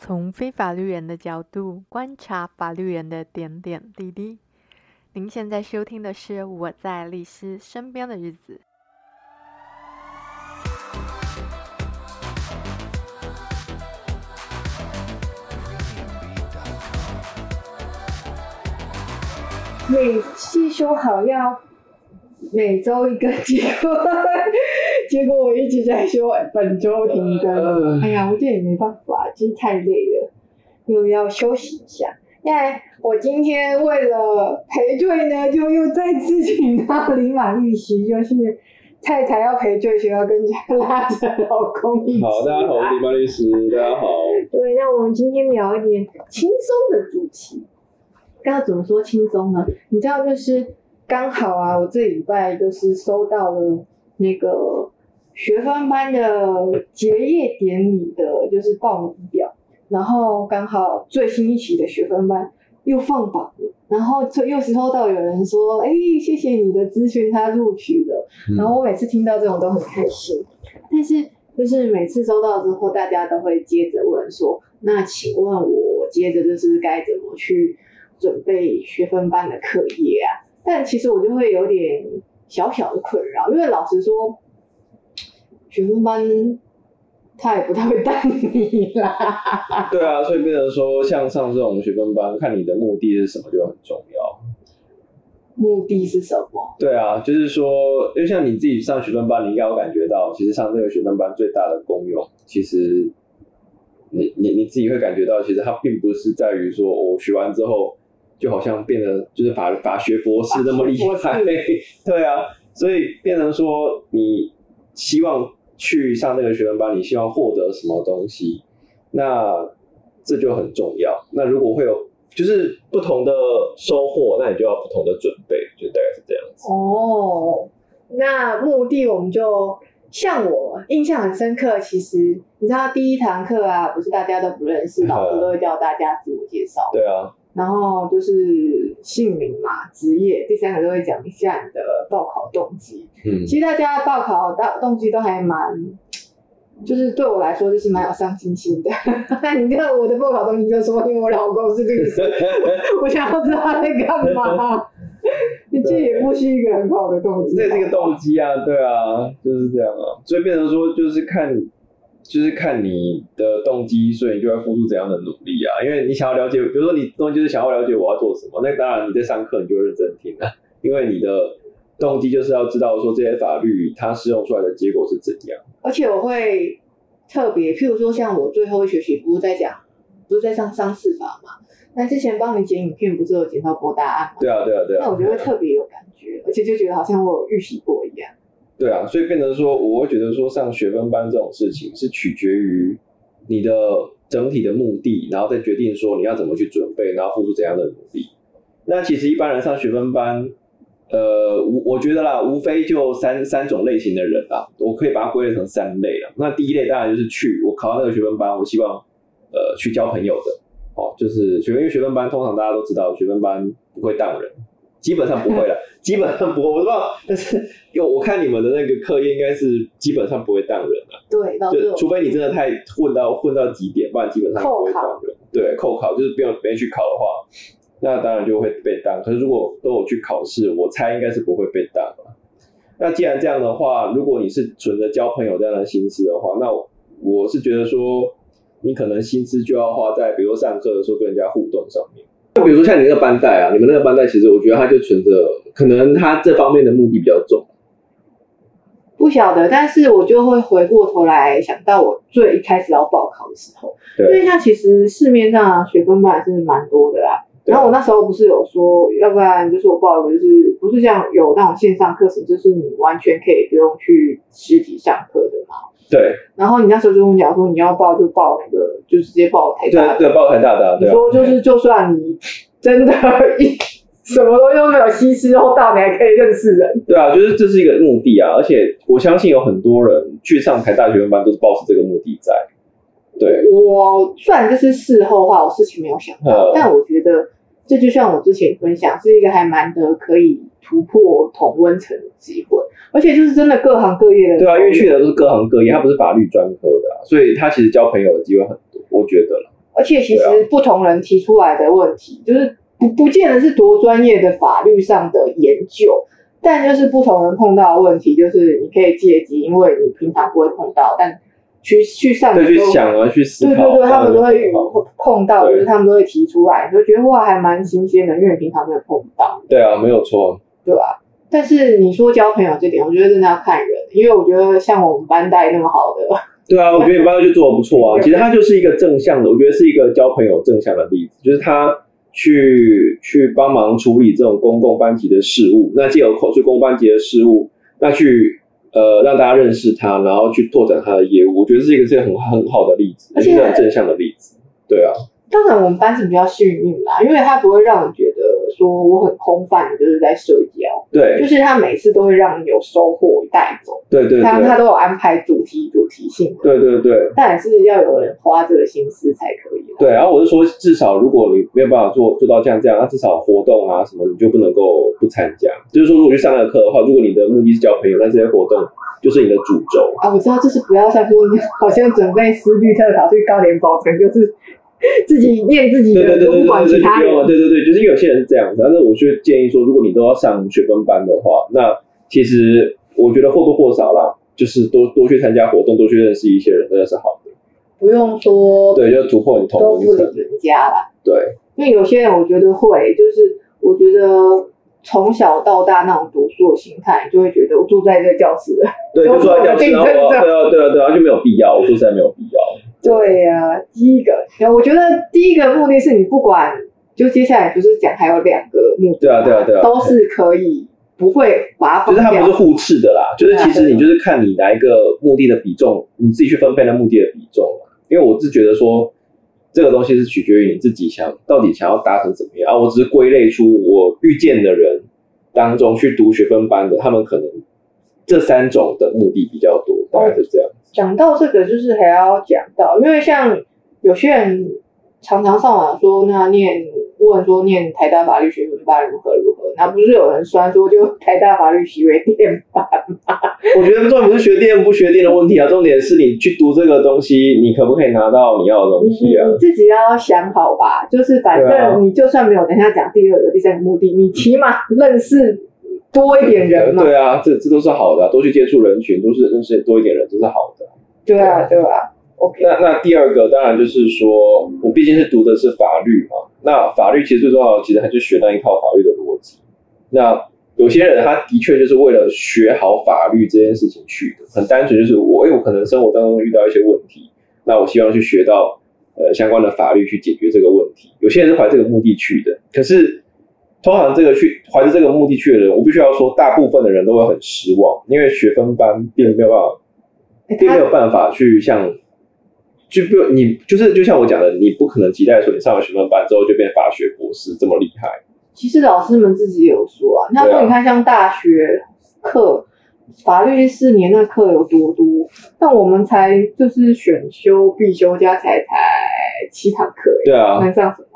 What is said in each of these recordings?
從非法律人的角度觀察法律人的點點滴滴。您現在收聽的是《我在律師身邊的日子》。每次說好要每週一個節目。 結果我一直在說本周停更，嗯嗯。哎呀，我這也沒辦法，就是太累了，又要休息一下。因為我今天為了賠罪呢，就又再次請到李馬律師，就是太太要賠罪，就要跟人家拉著老公一起。好，大家好，李馬律師，大家好。 對，那我們今天聊一點輕鬆的主題。要怎麼說輕鬆呢？你知道，就是剛好啊，我這禮拜就是收到了那個。學分班的結業典禮的，就是報名表，然後剛好最新一期的學分班又放榜了。然後又收到有人說：“哎、欸，謝謝你的諮詢，他錄取了。”然後我每次聽到這種都很開心、嗯，但是就是每次收到之後，大家都會接着問說：“那請問我接着就是該怎麼去準備學分班的課業啊？”但其實我就會有點小小的困擾，因為老實說。學分班，他也不太會帶你啦。對啊，所以變成說，像上這種學分班，看你的目的是什麼就很重要。目的是什麼？對啊，就是說，因為像你自己上學分班，你應該有感覺到，其實上這個學分班最大的功用，其實你你你自己會感覺到，其實它並不是在於說我、哦、學完之後就好像變成就是法法學博士那麼厲害。 對啊，所以變成說，你希望去上那個學分班，你希望獲得什麼東西？那這就很重要。那如果會有就是不同的收穫，那你就要不同的準備，就大概是這樣子。哦，那目的我們就，像我印象很深刻，其實你知道第一堂課啊，不是大家都不認識，老師都會叫大家自我介紹。對啊。然後就是姓名嘛，職業，第三個就會講一下你的報考動機。嗯，其實大家報考的動機都還蠻，就是對我來說就是蠻有上進心的。那、嗯、 你看我的報考動機就是說，因為我老公是律師， 我想要知道他在幹嘛。 你這也不是一個很好的動機的。這是一個動機啊，對啊，就是這樣啊，所以變成說就是看你。就是看你的動機，所以你就要付出怎樣的努力啊？因為你想要了解，比如說你動機是想要了解我要做什麼，那當然你在上課你就認真聽了，因為你的動機就是要知道說這些法律它適用出來的結果是怎樣。而且我會特別，譬如說像我最後一學期不是在講，不是在上商事法嗎？那之前幫你剪影片不是有剪到過答案嗎？對啊，對啊，對啊。那我覺得特別有感覺、嗯，而且就覺得好像我有預習過一樣。對啊，所以變成說，我會覺得說，上學分班這種事情是取決於你的整體的目的，然後再決定說你要怎麼去準備，然後付出怎樣的努力。那其實一般人上學分班，呃，我我覺得啦，無非就三三種類型的人啦，我可以把它歸類成三類了。那第一類當然就是去我考到那個學分班，我希望呃去交朋友的，哦，就是學因為學分班通常大家都知道，學分班不會當人，基本上不會了， 基本上不會，我知道。但是，因為我看你們的那個課業，應該是基本上不會當人的啊。對，就除非你真的太混到混到極點，不然基本上不會當人。對，扣考就是不用，沒去考的話，那當然就會被當。可是如果都有去考試，我猜應該是不會被當了。那既然這樣的話，如果你是存着交朋友這樣的心思的話，那我，我是覺得說，你可能心思就要花在，比如說上課的時候跟人家互動上面。就比如說像你那個班代啊，你們那個班代，其實我覺得他就存着可能他這方面的目的比較重，不曉得。但是我就會回過頭來想到我最一開始要報考的時候，對，因為像其實市面上啊，學分班還是蠻多的啦。然後我那時候不是有說，要不然就是我報一個，就是不是這樣有那種線上課程，就是你完全可以不用去實體上課的嘛。對，然後你那時候就跟我講說，你要報就報那個，就直接報台大對。對，報台大的、啊。對說就是，就算你真的 什麼都沒有吸收，吸收到你還可以認識人。對啊，就是這是一個目的啊，而且我相信有很多人去上台大學分班都是抱持這個目的在。對我雖然這是事後的話，我事情沒有想到、嗯，但我覺得這就像我之前分享，是一個還蠻的可以突破同溫層的機會，而且就是真的各行各業的。對啊，因為去的都是各行各業，嗯、他不是法律專科的，啊，所以他其實交朋友的機會很多，我覺得了。而且其實不同人提出來的問題，啊，就是不不見得是多專業的法律上的研究，但就是不同人碰到的問題，就是你可以借機，因為你平常不會碰到，但去去上對去想而，啊、去思考，對對對，他們都會碰到，碰到就是他們都會提出來，就覺得哇，還蠻新鮮的，因為你平常沒有碰到對。對啊，沒有錯。對吧？但是你說交朋友這點，我覺得真的要看人，因為我覺得像我們班代那麼好的，對啊，我覺得你班代就做得不錯啊。其實他就是一個正向的，我覺得是一個交朋友正向的例子，就是他去去幫忙處理這種公共班級的事務，那借由口述公共班級的事務，那去呃讓大家認識他，然後去拓展他的業務，我覺得這是一個很很好的例子，一個很正向的例子，對啊。當然，我們班是比較幸運啦，因為他不會讓你覺得說我很空泛，你就是在社交。對，就是他每次都會讓你有收穫帶走。對對對。他他都有安排主題，主題性的。對對對，對。但還是要有人花這個心思才可以。對，然、啊、後我就說，至少如果你沒有辦法做做到這樣這樣，那、啊、至少活動啊什麼你就不能夠不參加。就是說，如果去上了個課的話，如果你的目的是交朋友，那這些活動就是你的主軸啊。我知道，就是不要再說，你好像準備司律特考，他跑去高點保成就是。 自己念自己的管他，對對對對，不管他。對對對，就是因為有些人是這樣子，子，但是我就建議說，如果你都要上學分班的話，那其實我覺得或多或少啦，就是多多去參加活動，多去認識一些人，真的是好的。不用說。對，要突破你同齡人。都不理人家啦。對，因為有些人我覺得會，就是我覺得從小到大那種讀書的心態，就會覺得我住在這個教、教室，對啊，就住在教室，對啊，對啊，對啊，就沒有必要，我說實在沒有必要。 對呀、啊，第一個，我覺得第一個目的是你不管，就接下來不是講還有兩個目的，對啊對啊對啊，都是可以不會劃分，就是他們是互斥的啦，就是其實你就是看你哪一個目的的比重，啊啊、你自己去分配的目的的比重啦。因為我是覺得說，這個東西是取決於你自己想到底想要達成怎麼樣啊。我只是歸類出我遇見的人當中去讀學分班的，他們可能這三種的目的比較多，大概是這樣。哦講到這個，就是還要講到，因為像有些人常常上網說，那念問說念台大法律學分班如何如何？那不是有人酸說就台大法律系為電班嗎？我覺得重點不是學電不學電的問題啊，重點是你去讀這個東西，你可不可以拿到你要的東西啊？你，你自己要想好吧，就是反正你就算沒有，啊、等下講第二個、第三個目的，你起碼認識多一點人嘛。對啊，這這都是好的，啊，多去接觸人群，都是認識多一點人，這是好的。對啊，對吧？OK，那那第二個當然就是說，我畢竟是讀的是法律嘛。那法律其實最重要的，其實還是學那一套法律的邏輯。那有些人他的確就是為了學好法律這件事情去的，很單純，就是我有可能生活當中遇到一些問題，那我希望去學到呃相關的法律去解決這個問題。有些人是懷這個目的去的，可是通常這個去懷着這個目的去的人，我必須要說，大部分的人都會很失望，因為學分班並沒有辦法。你沒有辦法去像，就不你就是就像我講的，你不可能期待說你上了學分班之後就變法學博士這麼厲害。其實老師們自己也有說啊，那說你看像大學課、啊，法律四年那課有多多，但我們才就是選修、必修加才才七堂課對啊，能上什麼？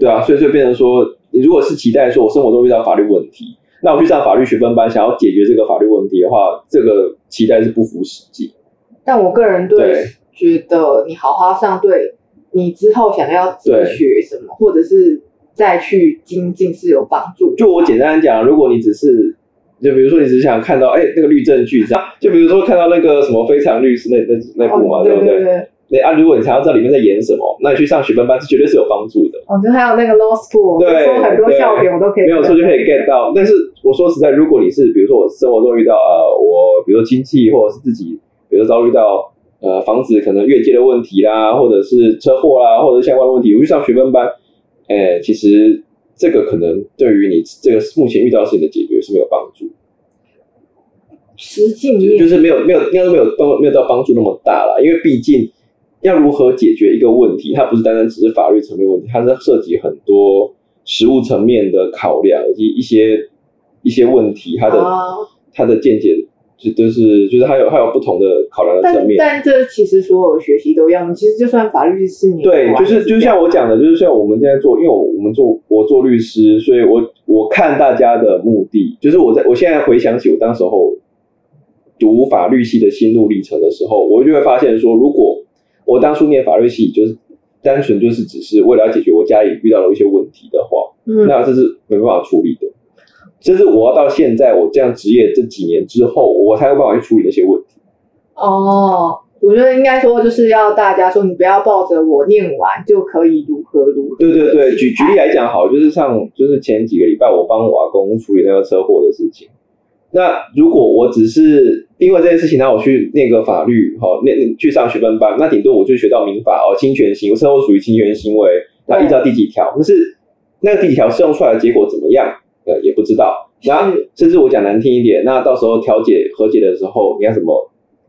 對啊，所以就變成說，你如果是期待說我生活中遇到法律問題，那我去上法律學分班、嗯，想要解決這個法律問題的話，這個期待是不符實際的。但我個人對，對覺得你好好上，對你之後想要自學什麼，或者是再去精進是有幫助。就我簡單講，如果你只是就比如說你只想看到哎、欸、那個律政劇，這樣就比如說看到那個什麼非常律師那那那部嘛、哦，對不對？對,對,對,對,對啊，如果你想要在裡面在演什麼，那你去上學分班,班是絕對是有幫助的。哦就還有那個 Law School，對，說很多笑點我都可以沒有錯就可以 get 到。 但是我說實在，如果你是比如說我生活中遇到啊，我比如說親戚或者是自己。比如遭遇到呃房子可能越界的問題啦，或者是車禍啦，或者相關的問題，我去上學分班，哎、欸，其實這個可能對於你這個目前遇到事情的解決是沒有幫助。實，實就是沒有沒有應該說沒有幫沒有到幫助那麼大了，因為畢竟要如何解決一個問題，它不是單單只是法律層面問題，它是涉及很多實務層面的考量以及一些一些問題它，哦，它的它的見解。這都是，就是還有還有不同的考量的層面。但但這其實所有學習都要。其實就算法律是你的對，就是就像我講的，就是像我們現在做，因為我我們做我做律師，所以我我看大家的目的，就是我在我現在回想起我當時候讀法律系的心路歷程的時候，我就會發現說，如果我當初念法律系，就是單純就是只是為了要解決我家裡遇到了一些問題的話，嗯。那這是沒辦法處理的。就是我要到現在，我這樣執業這幾年之後，我才有辦法去處理那些問題。哦，我覺得應該說就是要大家說，你不要抱着我念完就可以如何如何。對對對，舉舉例來講好，就是上，就是前幾個禮拜我幫我阿公處理那個車禍的事情。那如果我只是因為這件事情，那我去念個法律，好、哦、那去上學分班，那頂多我就學到民法哦，侵權行為，車禍屬於侵權行為，那依照第幾條，就是那個第幾條適用出來的結果怎麼樣？呃、嗯，也不知道。然後甚至我講難聽一點，那到時候調解和解的時候，你要怎麼，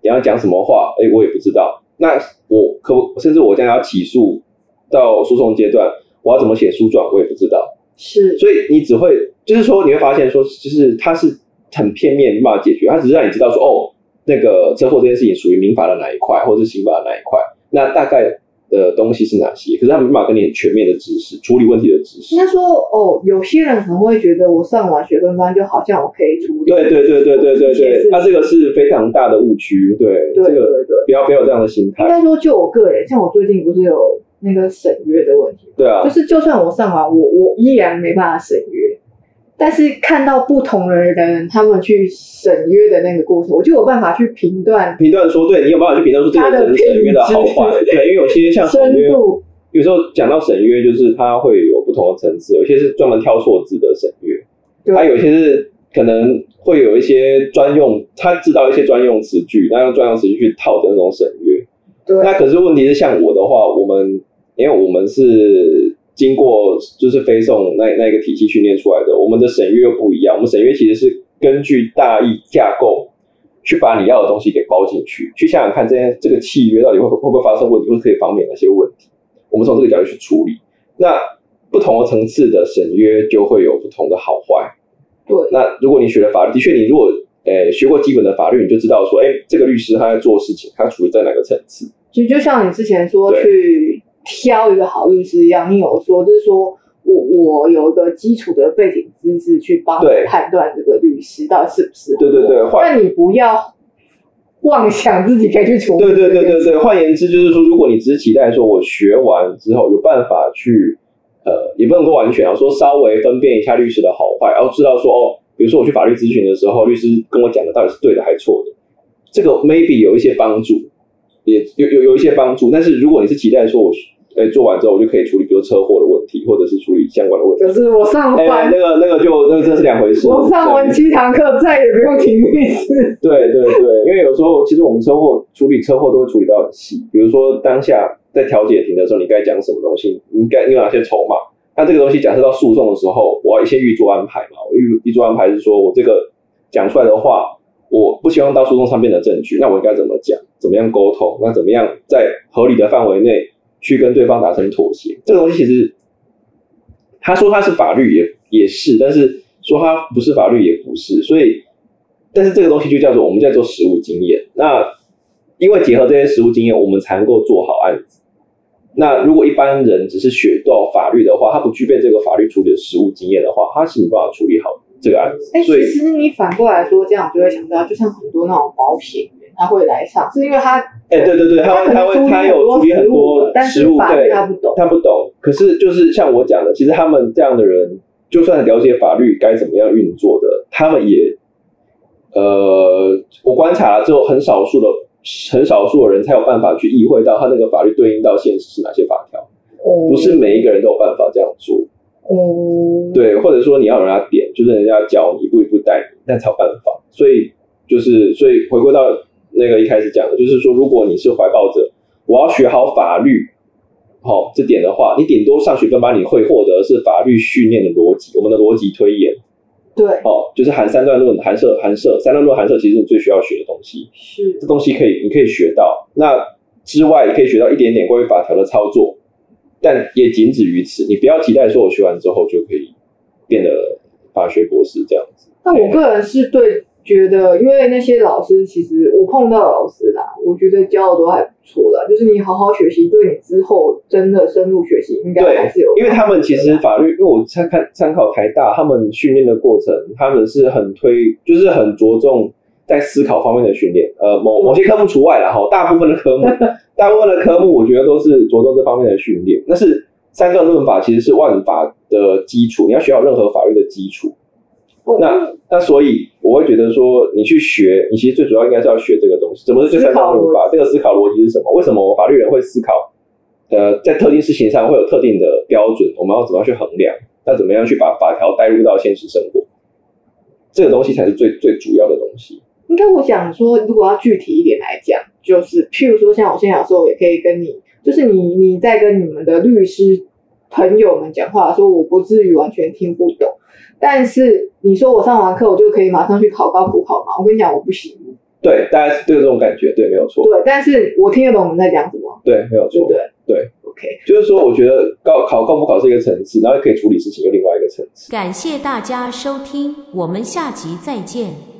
你要講什麼話？哎、欸，我也不知道。那我可甚至我將要起訴，到訴訟階段，我要怎麼寫訴狀，我也不知道。是，所以你只會就是說，你會發現說，就是它是很片面，你把它解決。它只是讓你知道說，哦，那個車禍這件事情屬於民法的哪一塊，或者是刑法的哪一塊。那大概。的東西是哪些？可是他沒辦法給你全面的知識，處理問題的知識。應該說，哦，有些人可能會覺得我上完學分班，就好像我可以處理。對對對對對對對，他這，啊、這個是非常大的誤區。對，對對，對，對、這個不。不要不要這樣的心態。應該說，就我個人，像我最近不是有那個審閱的問題。對啊，就是就算我上完，我我依然沒辦法審閱。但是看到不同的人他們去申論的那個過程，我就有辦法去評斷，評斷說對你有辦法去評斷說這個人申論的越越好壞，對，因為有些像申論有時候講到申論，就是他會有不同的層次，有些是專門挑錯字的申論。他有些是可能會有一些專用，他知道一些專用詞句，他用專用詞句去套的那種申論。對。那可是問題是，像我的話，我們因為我們是，經過就是非訟，那那個體系訓練出來的，我們的審閱又不一樣。我們審閱其實是根據大意架構去把你要的東西給包進去，去想想看這些這個契約到底會會不會發生問題，會不會防免那些問題。我們從這個角度去處理。那不同的層次的審閱就會有不同的好壞。對。那如果你學了法律，的確你如果誒學過基本的法律，你就知道說，哎，這個律師他在做事情，他處於在哪個層次。其實就像你之前說去。挑一個好律師一樣，你有說就是說我我有一個基礎的背景資質去幫你判斷這個律師到底是不是對，對對對，那你不要妄想自己可以去處理，對對對對對。換言之就是說，如果你只是期待說我學完之後有辦法去呃，也不能夠完全啊，說稍微分辨一下律師的好壞，要知道說哦，比如說我去法律諮詢的時候，律師跟我講的到底是對的還錯的，這個 maybe 有一些幫助，也有有有一些幫助，但是如果你是期待說我。對、欸，做完之後我就可以處理，比如車禍的問題，或者是處理相關的問題。就是我上班，欸、那個那個就那個，這是兩回事。我上完七堂課，再也不用停一次。對對對，因為有時候其實我們車禍處理車禍都會處理到很細，比如說當下在調解庭的時候，你該講什麼東西，你該你有哪些籌碼？那這個東西假設到訴訟的時候，我要一些預做安排嘛？我預預做安排是說我這個講出來的話，我不希望到訴訟上面的證據，那我應該怎麼講？怎麼樣溝通？那怎麼樣在合理的範圍內，去跟對方達成妥協，這個東西其實他說他是法律，也也是，但是說他不是法律也不是，所以但是這個東西就叫做我們在做實務經驗。那因為結合這些實務經驗，我們才能夠做好案子。那如果一般人只是學到法律的話，他不具備這個法律處理的實務經驗的話，他是沒辦法處理好這個案子。哎、欸，所以其實你反過來說這樣，我就會強調，就像很多那種保險。他會來上，是因為他哎、欸，對對對，他他會他有注意很多食物，失誤，對，法律他不懂，他不懂。可是就是像我講的，其實他們這樣的人，就算了解法律該怎麼樣運作的，他們也呃，我觀察了之後，很少數的，很少數的人才有辦法去意會到他那個法律對應到現實是哪些法條。嗯、不是每一個人都有辦法這樣做、嗯。對，或者說你要人家點，就是人家教你一步一步帶你，那才有辦法。所以就是所以回歸到。那個一開始講的就是說，如果你是懷抱着我要學好法律，好、哦、這點的話，你頂多上學分班，你會獲得是法律訓練的邏輯，我們的邏輯推演，對，哦，就是含三段論、涵攝、涵攝三段論、涵攝，其實你最需要學的東西。是，這東西可以，你可以學到。那之外，可以學到一點點關於法條的操作，但也僅止於此。你不要期待說，我學完之後就可以變得法學博士這樣子。那我個人是對。覺得，因為那些老師，其實我碰到的老師啦，我覺得教的都還不錯啦。就是你好好學習，對你之後真的深入學習，應該還是有。因為他們其實法律，因為我參看參考台大，他們訓練的過程，他們是很推，就是很着重在思考方面的訓練。呃，某某些科目除外啦，哈， 大部分的科目，大部分的科目，我覺得都是着重這方面的訓練。那是三段論法，其實是萬法的基礎。你要學好任何法律的基礎。 那，那所以我會覺得說，你去學，你其實最主要應該是要學這個東西，怎麼是最三段論法？這個思考邏輯是什麼？為什麼我法律人會思考？呃，在特定事情上會有特定的標準，我們要怎麼樣去衡量？那怎麼樣去把法條帶入到現實生活？這個東西才是最最主要的東西。應該我想說，如果要具體一點來講，就是譬如說，像我現在有時候也可以跟你，就是你，你在跟你們的律師朋友們講話，說我不至於完全聽不懂。但是你說我上完課，我就可以馬上去考高普考嗎？我跟你講，我不行。對，大家都有這種感覺，對，沒有錯。對，但是我聽得懂我們在講什麼。對，沒有錯。對對，對，對，OK，就是說，我覺得高考、高普考是一個層次，然後可以處理事情又另外一個層次。感謝大家收聽，我們下集再見。